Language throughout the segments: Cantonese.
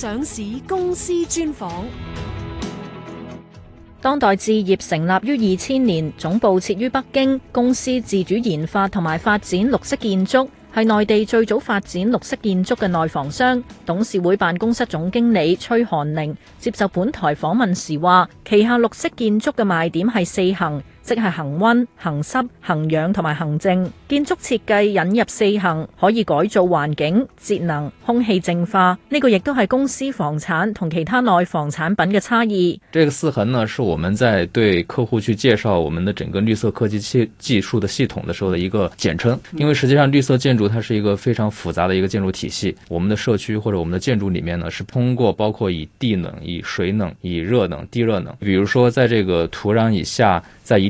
上市公司專訪，當代置業成立於二千年，總部設於北京。公司自主研發同埋發展綠色建築，係內地最早發展綠色建築嘅內房商。董事會辦公室總經理崔寒凌接受本台訪問時話：旗下綠色建築嘅賣點係四恆。即係恆溫、恆濕、恆氧同埋恆靜，建築設計引入四恆，可以改造環境、節能、空氣淨化。呢個亦都係公司房產同其他內房產品嘅差異。這個四恆呢，是我們在對客戶去介紹我們的整個綠色科技技術的系統的時候的一個簡稱。因為實際上綠色建築它是一個非常複雜的一個建築體系。我們的社區或者我們的建築裏面呢，是通過包括以地能、以水能、以熱能、地熱能，比如說在這個土壤以下，在一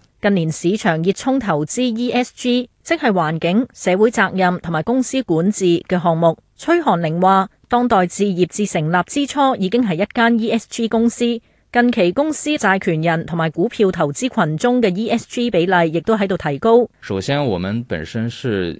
近年市場熱衷投資 ESG，即係環境、社會責任同埋公司管治嘅項目。崔寒凌話：當代置業自成立之初已經係一間 ESG 公司，近期公司債權人同埋股票投資群中嘅 ESG 比例亦都喺度提高。首先，我們本身是。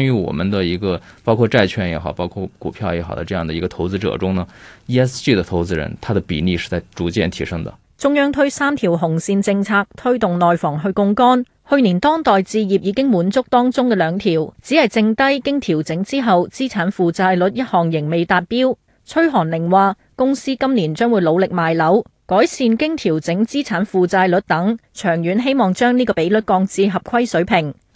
因為我們的一個包括債券也好，包括股票也好的這樣的一個投資者中呢，ESG 的投資人他的比例是在逐漸提升的。中央推三條紅線政策，推動內房去杠杆。去年當代置業已經滿足當中嘅兩條，只係剩低經調整之後資產負債率一項仍未達標。崔寒凌話，公司今年將會努力賣樓，改善經調整資產負債率等，長遠希望將呢個比率降至合規水平。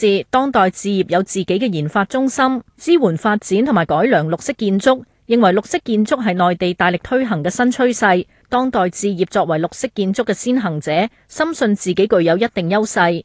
是當代置業有自己嘅研發中心，支援發展同埋改良綠色建築。認為綠色建築係內地大力推行嘅新趨勢。當代置業作為綠色建築嘅先行者，深信自己具有一定優勢。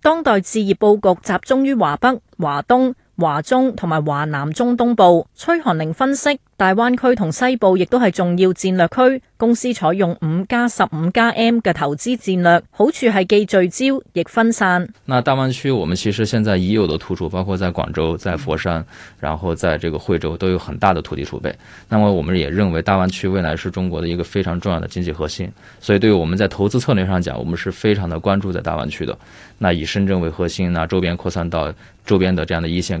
當代置業佈局集中於華北、華東。華中同埋華南中東部，崔寒凌分析大灣區同西部亦都係重要戰略區。公司採用五加十五加 M 嘅投資戰略，好處係既聚焦亦分散。那大灣區，我們其實現在已有的土儲，包括在廣州、在佛山，然後在這個惠州都有很大的土地儲備。那麼我們也認為大灣區未來是中國的一個非常重要的經濟核心，所以對於我們在投資策略上講，我們是非常的關注在大灣區的。那以深圳為核心，那周邊擴散到周邊的這樣的一線。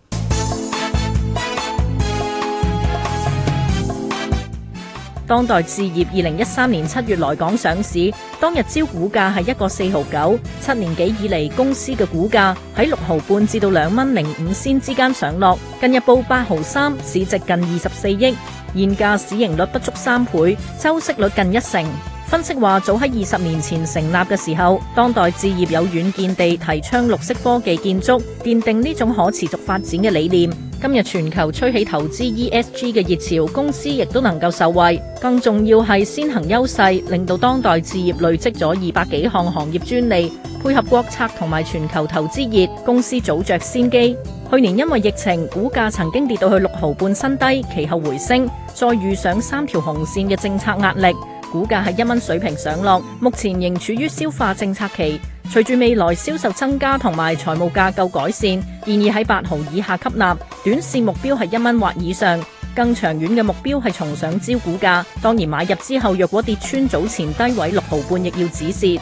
當代置業二零一三年七月來港上市，當日招股價係一個四毫九，七年幾以嚟公司嘅股價喺六毫半至到兩蚊零五仙之間上落，近日報八毫三，市值近二十四億，現價市盈率不足三倍，周息率近一成。分析話，早喺二十年前成立嘅時候，當代置業有遠見地提倡綠色科技建築，奠定呢種可持續發展嘅理念。今日全球吹起投資 ESG 嘅熱潮，公司亦都能夠受惠。更重要係先行優勢，令到當代置業累積咗二百幾項行業專利，配合國策同埋全球投資熱，公司早着先機。去年因為疫情，股價曾經跌到去六毫半新低，其後回升，再遇上三條紅線嘅政策壓力，股價係一蚊水平上落，目前仍處於消化政策期。隨住未來銷售增加同埋財務架構改善，建議喺八毫以下吸納，短線目標係一蚊或以上，更長遠嘅目標係重上招股價。當然買入之後，若果跌穿早前低位六毫半，亦要止蝕。